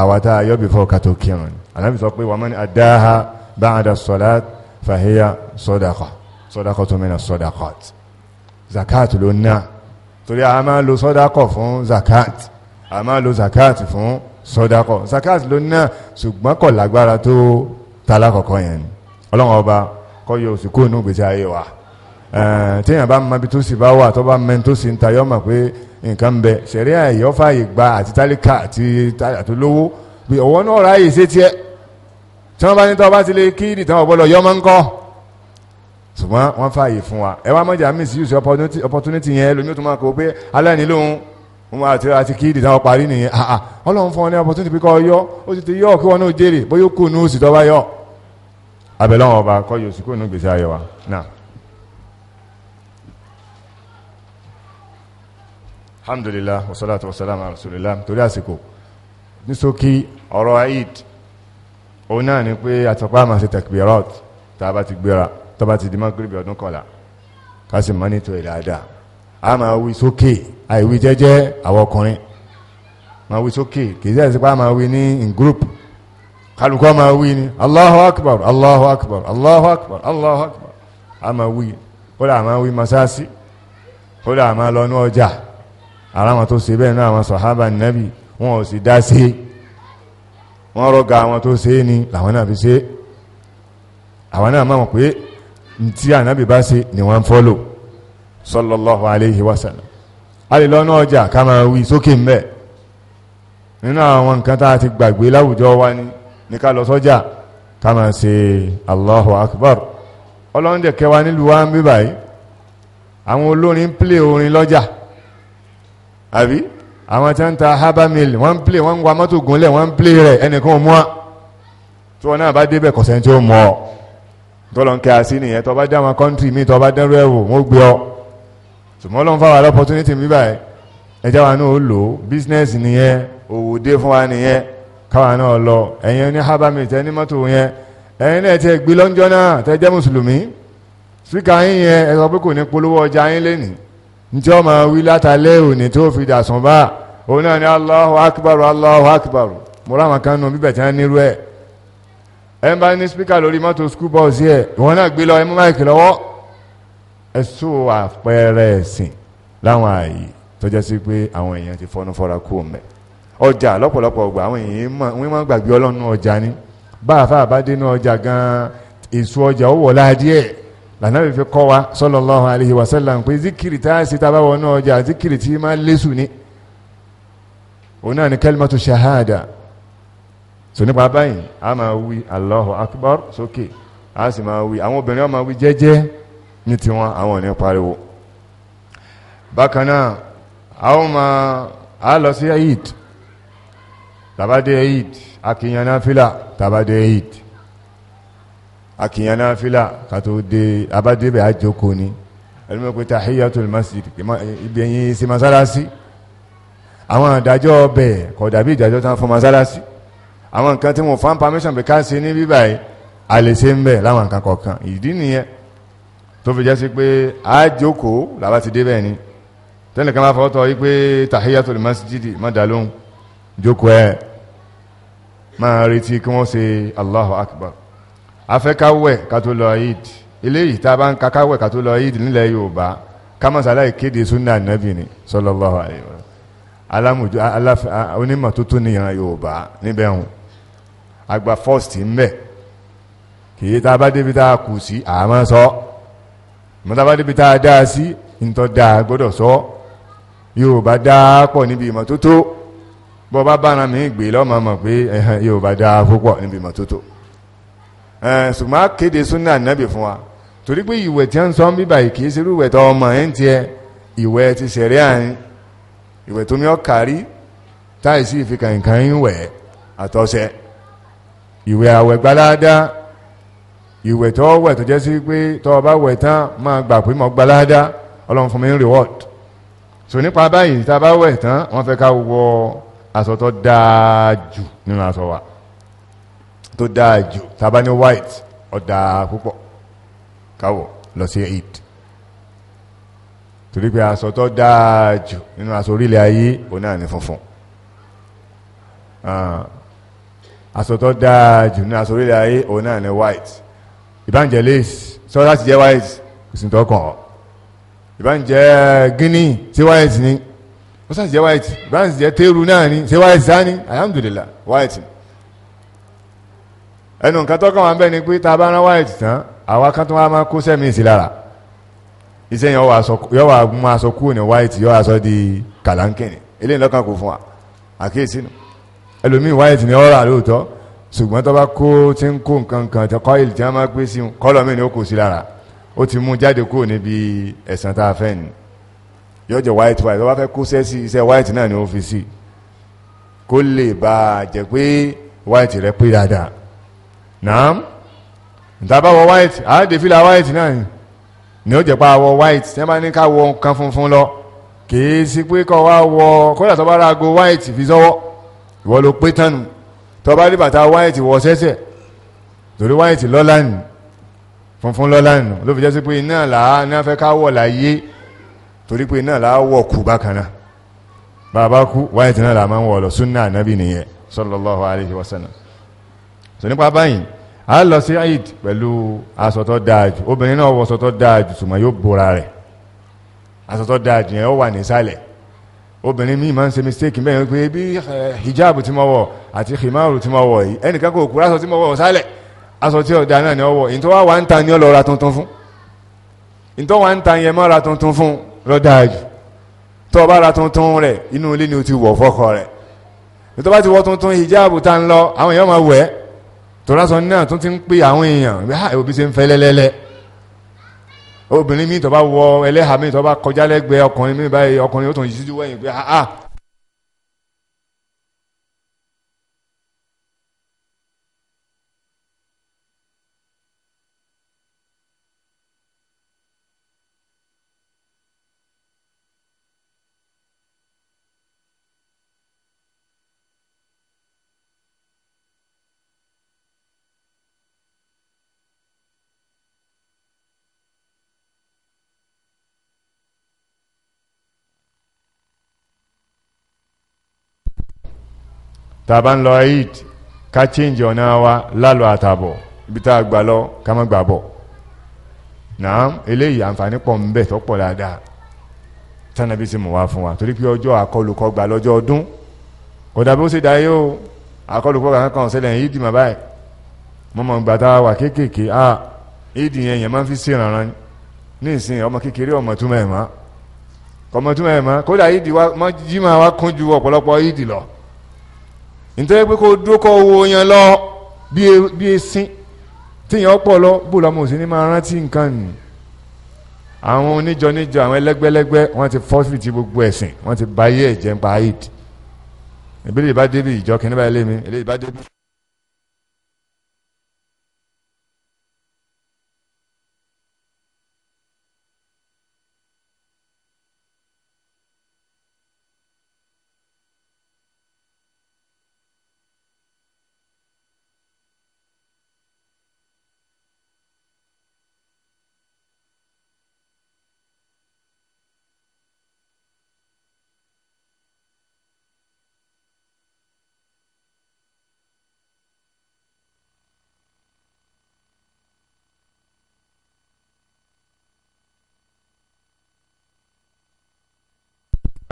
àwàtà yọ bìfọ́ kàtó kírun Ànábì sọ pé wàmọ́ni àdáhà ba'da salat fahiya sadaqa sadaqatu mina sadaqat zakat ló ná torí a máa lo sọ́dákọ̀ fún zakat a máa lo zakat fún sọ́dákọ̀ zakat ló ná ṣùgbọ́n kò lágbára tó talákọ̀ọ́kọ́ yẹn ọlọ́run ọba kọ́ yóò sì kó inú gbèsè ayé wa téèyàn bá mọ ibi tó sì bá wà tó bá mẹ́ni tó sì ń tayọ́ mọ̀ pé nǹkan bẹ ṣẹ̀rí àyẹ̀yọ́ fààyè gba àti tálíkà àti àtolówó bí ọ̀wọ́ náà ráyè ṣe tiẹ̀ tí wọ́n bá ní tọ́ bá ti lè kí ìdìtàn ọ̀bọ̀lọ̀ yọmọ ńkọ́ ṣùgbọ́n wọ́n fààyè fún wa ẹ wá mọ̀jà misuse opportunity opportunity yẹn lómi tó máa kó pé aláìní lóhun wọn àti àti kí ìdìtà wọn parí nìyẹn àà ah, ah. ọlọ́run fún ọ ní opportunity pé kọ́ yọ ó ti ti yọ kí wọn náà jèrè bóyá ó kú ní oṣù tó bá yọ abẹ́lẹ́wọ̀n ọba kọ́ yóò sì kú ní gbèsè ayé wa náà. alhamdulilah wasalatu wasalam alasulillah torí àsìkò ní ọ̀rọ̀ aid òun náà ni pé àtọ́pá máa ṣe takbirat tá a bá ti gbéra tó bá ti di magrebi ọdún kọlá ká sì mọ́nítò ẹ̀ dáadáa a máa wí sókè àìwí jẹ́jẹ́ àwọn ọkùnrin máa wí sókè kì í sẹ́yìn sípá máa wí ní in group kálukọ́ máa wí ní Allahu Akbar Allahu Akbar Allahu Akbar Allahu Akbar a máa wí ó dà máa wí masáàsì ó dà máa lọ ní ọjà ara tó ṣe bẹ́ẹ̀ náà àwọn sàhábà nàbì wọn ò sì dá sí i wọ́n àwọn tó ṣe é ni làwọn náà fi ṣe àwọn náà máa mọ̀ pé ntí ànábì bá ṣe ni wọ́n ń fọ́lò sallallahu alayhi wa sallam a lè lọ́nà ọjà ká máa wí sókè ń bẹ̀ nínú àwọn nǹkan tá a ti gbàgbé láwùjọ wa ni ní ká lọ sọ́jà ká máa ṣe akbar ọlọ́ndẹ̀ kẹwàá nílùú wa ń bí báyìí àwọn olórin ń plé orin lọ́jà àbí àwọn tí wọ́n ń ta herbal mill wọ́n ń plé wọ́n ń wa mọ́tò gúnlẹ̀ wọ́n ń plé rẹ̀ ẹnìkan mú wa tí wọ́n náà bá débẹ̀ kọ̀sẹ̀ tí ó mọ̀ ọ́ tọ́lọ́n kẹ́ àsí nìyẹn tọ́ bá dá wọn kọ́ńtì tọ́ bá wọ́n gbé ọ ṣùgbọ́n lọ́n fáwọn alọ́pọ̀tunítì mi báyìí ẹjá wa náà lò ó bísínẹ́sì nìyẹn òwò dé fún wa nìyẹn káwa náà lọ ẹ̀yin ní mọ́tò yẹn ẹ̀yin náà tiẹ̀ gbé lọ́njọ́ ọjà yín njẹ́ ọmọ wí látàlẹ́ òní tó fi dàsùn bá òun náà ní ẹ bá ní spíkà lórí mọ́tò skul bọ́ọ̀sì ẹ̀ ìwọ náà gbé lọ ẹ mú máìkì lọ́wọ́ ẹ sọ àpẹẹrẹ ẹ̀sìn láwọn ààyè tó jẹ́ sí pé àwọn èèyàn ti fọ́nú fọ́ra kú mẹ́ ọjà lọ́pọ̀lọpọ̀ ọgbà àwọn èèyàn wọ́n máa gbàgbé ọlọ́nu ọjà ni bá àfa àbádé nú ọjà gan èso ọjà ó wọ̀ ládìẹ̀ lànà fífi kọ́ wa sallallahu alaihi wasallam pé zikiri tá a ṣe tá a bá wọnú ọjà zikiri tí máa lésù ni òun náà ni kalimatu shahada so nípa báyìí a máa wí Allahu Akbar sókè a sì máa wí àwọn obìnrin máa wí jẹ́jẹ́ ní tiwọn àwọn ní pariwo bákan náà a ó máa a lọ sí eid tàbádé eid akìyànná fílà tàbádé eid akìyànná fílà kàtó dé abádébẹ̀ àjókòó ni ẹlùmọ́ pé tahiyatul masjid ibi ẹ̀yìn sí masalasi àwọn àdájọ́ ọbẹ̀ kọ̀dàbí ìdájọ́ tán fún masalasi àwọn nǹkan tí wọ́n fún permission bí ká ṣe ní bíbá yìí a lè ṣe ń bẹ̀ láwọn nǹkan kọ̀ọ̀kan ìdí nìyẹn tó fi jẹ́ sí pé a jókòó làbá ti dé bẹ́ẹ̀ ni tẹ́nìkan bá fọwọ́ tọ́ yí pé tahiyatul masjidi má dá lóhùn jókòó ẹ̀ máa retí kí wọ́n ṣe Allahu Akbar afẹ́káwẹ̀ ká tó lọ Eid eléyìí tá a bá ń kakáwẹ̀ ká tó lọ Eid nílẹ̀ Yorùbá ká má sàlàyé nàbì ni sallallahu alaihi wa sallam alámùjọ onímọ̀ tó tó nìyàn Yorùbá níbẹ̀ hùn àgbà first ń bẹ̀ kìí tá a bá débi tá a kù sí àmọ́ sọ mọ́ tá a bá débi tá a dá a sí ntọ́ dá gbọ́dọ̀ sọ Yorùbá dá pọ̀ níbi ìmọ́tótó bọ́ bá bára mi gbé lọ́mọ mọ̀ pé Yorùbá dá a púpọ̀ níbi ìmọ́tótó ṣùgbọ́n a kéde súnà nábì fún wa torí pé ìwẹ̀ tí wọ́n sọ ń bíbà yìí kìí ṣerú ìwẹ̀ tó ọmọ ẹ̀ ń tiẹ̀ ìwẹ̀ ti ṣẹ̀rẹ́ àárín ìwẹ̀ tó mi ọ̀ kárí ìfikànkàn ń wẹ̀ àtọ́sẹ̀ ìwẹ̀ àwẹ̀ gbalada ìwẹ̀ tó wẹ̀ tó jẹ́ sí pé tó bá wẹ̀ tán máa gbà pé mo gbalada ọlọ́run fún mi ń reward so nípa báyìí tá a bá wẹ̀ tán wọ́n fẹ́ ká wọ aṣọ tó dáa jù nínú aṣọ wa tó dáa jù tá a bá ní white ọ̀dà púpọ̀ káwọ̀ lọ sí eid torí pé aṣọ tó dáa jù nínú aṣọ orílẹ̀ ayé òun náà ní funfun ah, aṣọ tó dáa jù ní aṣọ orílẹ̀ ayé òun náà ni white evangelist sọ láti jẹ́ white ìsìn tó kàn ọ́ ìbánjẹ́ guinea ṣé white ni ó sàti jẹ́ white ìbánjẹ́ teru náà ni ṣé white sá ni alhamdulillah white ni ẹnu nǹkan tó kàn wá bẹ́ẹ̀ ni pé tá a bá rán white tán àwa kan tó wá máa kó sẹ́mi sí lára iṣẹ́ yẹn yọ wà mú aṣọ kúrò ní white yọ aṣọ di kàlánkìnì eléyìí lọ́kàn kò fún wa àkíyèsí nù ẹlòmíì white ni ọ̀rà lóòótọ́ ṣùgbọ́n tó bá kó tí ń kó nǹkan kan tó kọ́ ìlú tí wọ́n máa gbé sí kọ́lọ̀ mi ni ó kò sí lára ó ti mú jáde kúrò níbi ẹ̀sán tá a fẹ́ ni yóò jẹ́ white white tó bá fẹ́ kó sẹ́ sí iṣẹ́ white náà ni ó fi sí kó lè bá a jẹ́ pé white rẹ pé dáadáa naam ntaba wọ white a de fila white náà ni ni ó jẹ́ pé àwọ̀ white tí wọ́n bá ní ká wọ nǹkan funfun lọ kì í sí pé kọ́ wa wọ kódà tó bá ra ago white fi sọ́wọ́ ìwọ ló pé tánu tọba rí bàtà wáyẹ̀tì wọ sẹ́sẹ̀ torí wáyẹ̀tì lọ́lá nù funfun lọ́lá nù ló fi jẹ́ sí pé iná làá ní afẹ́ ká wọ̀ láyé torí pé iná làá wọ̀ kù bákan bàbá kú wáyẹ̀tì náà làá máa ń wọ̀ lọ súnà ànábì nìyẹn sallallahu alayhi wa sallam so nípa báyìí a lọ sí Eid pẹ̀lú aṣọ tó dáàjù obìnrin náà wọ aṣọ tó dáàjù ṣùgbọ́n yóò bora rẹ̀ aṣọ dáàjù yẹn ó wà nísàlẹ̀ obìnrin míì máa ń ṣe mistake mẹ́rin pé bí eh, hijab tí mo wọ̀ àti khimaru tí mo wọ̀ yìí ẹnìkan kò kúrò aṣọ tí mo wọ̀ sálẹ̀ aṣọ tí ọ̀dà náà ni ọ wọ̀ ìtọ́ wa wà ń ta ni ọ lọ ra tuntun fún ìtọ́ wa ń ta yẹn mọ́ ra tuntun fún lọ́dà jù tọ́ ọba ra tuntun rẹ̀ inú ilé ni o ti wọ̀ fọ́kọ rẹ̀ ìtọ́ bá ti wọ̀ tuntun hijab ta ń lọ àwọn èèyàn máa wẹ̀ tó lásán náà tún ti ń pè àwọn èèyàn bí òbí ah, obìnrin mi tó bá wọ ẹlẹ́hà mi tó bá kọjá lẹ́gbẹ̀ẹ́ ọkùnrin mi báyìí ọkùnrin ó tún yí wẹ̀yìn pé ah, ah tàbá ń lọ eid ká change ọ̀nà wa lálọ́ àtàbọ̀ ibi tá a gbà lọ ká má gbà bọ̀ náà eléyìí àǹfààní pọ̀ ń bẹ̀ tó pọ̀ dáadáa tánàbí sì mú wá fún wa torí pé ọjọ́ àkọlùkọgbà lọ́jọ́ ọdún kò dàbí ó sì dá yóò àkọlùkọgbà kankan ṣẹlẹ̀ yìí dì mà báyìí mo mọ̀ gbà tá a wà kéékèèké a ìdì yẹn yẹn máa ń fi sí ìrànràn ní ìsìn ọmọ kékeré ọmọ túmọ̀ ẹ̀ mọ́ ọmọ túmọ̀ ẹ̀ mọ́ kódà ìdì wa jímọ̀ wa kún ju ọ̀pọ̀lọpọ̀ ìdì lọ nítorí pé kó dúró kọ́ owó yẹn lọ bí esin e tíyẹn pọ̀ lọ bó lọ́mọ òsín ní máa rántí nǹkan nù àwọn oníjọ níjọ àwọn ẹlẹ́gbẹ́lẹ́gbẹ́ wọ́n ti fọ́fìtì gbogbo ẹ̀sìn wọ́n ti ba ayé ẹ̀jẹ̀ ń pa ayé ìdí ìbílẹ̀ ìbá débi ìjọ kìnnìbá ẹlẹ́mi ìbá débi.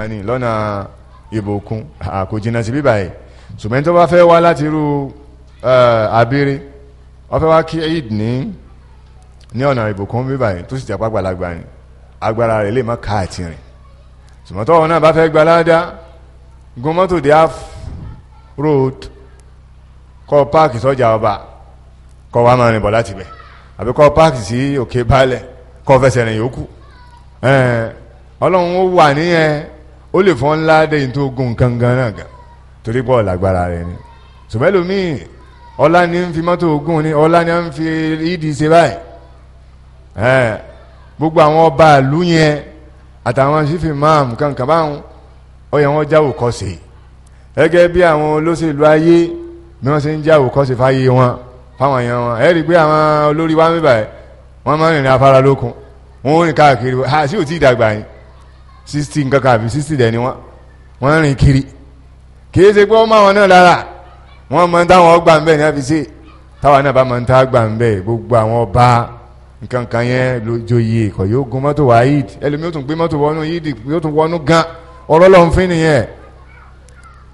ẹni lọ́nà ìbòkun kò jìnnà sí bíbà ṣùgbọ́n tó bá fẹ́ wá láti irú eh, abiri wọ́n fẹ́ wá kí eid ní ní ọ̀nà ìbòkun tó sì jẹ́ ni agbára rẹ̀ lè má àti rìn ṣùgbọ́n náà bá fẹ́ gba ládàá gun mọ́tò dé half road kọ́ páàkì sọ́jà ọba kọ́ ma máa rìn bọ̀ láti bẹ̀ àbí kọ́ páàkì sí òkè balẹ̀ ó lè fọ́n ńlá dé ní tó gun nǹkan gan náà gan torí pọ̀ lágbára rẹ̀ ni ṣùgbọ́n ẹlòmíì ọlá ni ń fi mọ́tò ogun ni ọlá ni ń fi ìdí ṣe báyìí gbogbo àwọn ọba ìlú yẹn àtàwọn sífì máàmù kankan báwọn ọyẹ wọn jáwò kọsì gẹ́gẹ́ bí àwọn olóṣèlú ayé ni wọ́n ṣe ń jáwò kọsì fáyé wọn fáwọn èèyàn wọn ẹ̀rí pé àwọn olórí wa ń bíbà ẹ̀ wọ́n máa ń rìnrìn afáralókun wọ́n ń rìn káàkiri àti òtí ìdàgbà yìí sixty nǹkan kan àbí sixty dẹ̀ ni wọ́n wọ́n rìn kiri kìí ṣe pé wọ́n máa wọn náà lára wọ́n mọ táwọn ọgbà ń bẹ̀ ní àfiṣe táwọn náà bá mọ tá àgbà ń bẹ̀ gbogbo àwọn ọba nǹkan kan yẹn lójoyè kò yóò gun mọ́tò wá yìí ẹlòmíì ó tún gbé mọ́tò wọnú yìí yóò tún wọnú gan ọ̀rọ̀ lọ́n fín nìyẹn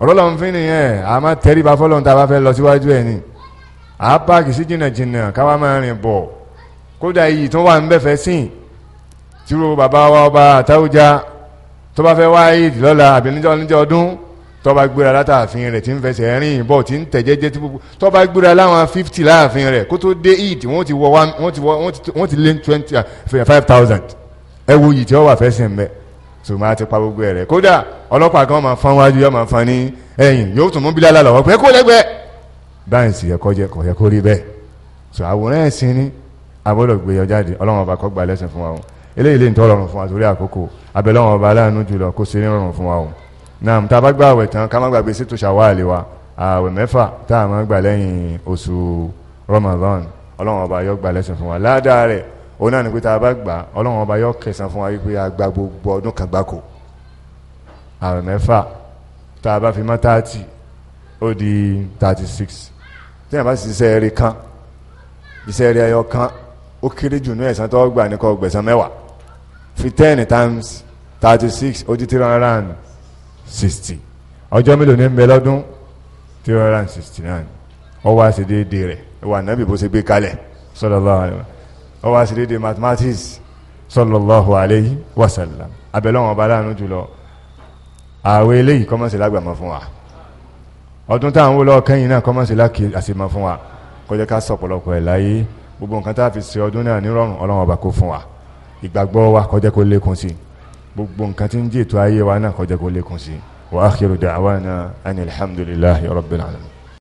ọ̀rọ̀ lọ́n fín nìyẹn a máa tẹríba fọlọ́n tá a bá fẹ́ lọ síwájú ẹ̀ ni a páàkì sí jìnnà jìnnà káwá máa rìn bọ̀ kódà iyì tó wà ń bẹ̀fẹ̀ sìn tìrò bàbá wa ọba àtàwùjá tó bá fẹ́ wá ìdí lọ́la àbí níjọ́ níjọ́ ọdún tó bá gbéra látàfin rẹ̀ tí ń fẹsẹ̀ rìn bọ̀ tí ń tẹ̀jẹ́jẹ́ tí gbogbo tó gbéra láwọn fifty láàfin rẹ̀ kó tó dé ìdí wọ́n ti wọ wọ́n ti wọ wọ́n ti lé twenty ah, five thousand ẹ wo yìí tí wọ́n wà fẹ́ sìn bẹ́ẹ̀ so máa ti pa gbogbo ẹ̀ rẹ̀ kódà ọlọ́pàá kan máa fán wájú yóò máa fán ní ẹ̀yìn yóò tún mú bílá lálọ́ pé kó lẹ́gbẹ̀ẹ́ báyìí sì ẹ̀kọ́ jẹ́ kọ̀ọ̀yẹ́ a gbọ́dọ̀ gbé eléyìí lè ń tọrọrùn fún wa torí àkókò abẹ́lẹ́wọ̀n ọba aláàánú jùlọ kó ṣe nírọ̀rùn fún wa o náà tá a bá gbà àwẹ̀ tán ká má gbàgbé sí tòṣà wà lè wa àwẹ̀ mẹ́fà tá a máa gbà lẹ́yìn oṣù Ramadan ọlọ́run ọba yọ gbà lẹ́sìn fún wa ládàá rẹ̀ òun náà ni pé tá a bá gbà ọlọ́run ọba yọ kẹsàn fún wa wípé a gba gbogbo ọdún kan gbáko àwẹ̀ mẹ́fà tá a bá fi mọ́ tààtì ó di thirty six tí a bá sì ṣiṣẹ́ eré kan iṣẹ́ eré ayọ̀ kan ó kéré jù ní ẹ̀sán tó gbà ní kọ́ gbẹ̀sán mẹ́wàá fi ten times thirty six ó di three hundred and sixty ọjọ́ mélòó ní mbẹ lọ́dún three hundred and sixty nine ó wá sí déédéé rẹ̀ ó wà nábì bó ṣe gbé kalẹ̀ sallallahu alaihi wa sallam ó wá sí déédéé mathematics sallallahu alaihi wa sallam abẹ́lẹ́wọ̀n ọba láàánú jùlọ ààwẹ̀ eléyìí kọ́mọ̀sí lágbàmọ́ fún wa ọdún táwọn wò lọ́ọ́ kẹ́yìn náà kọ́mọ̀sí láṣìmọ́ fún wa kọjá ká sọ̀pọ̀lọpọ̀ ẹ̀ láyé gbogbo nǹkan tá a fi ṣe ọdún náà nírọ̀rùn ọlọ́run ọba kó fún wa ìgbàgbọ́ wa kọjẹ́ kó lékún sí gbogbo nǹkan tí ń jẹ́ ètò ayé wa náà kọjẹ́ kó lékún sí wa akhiru da'wana anil hamdulillahi rabbil alamin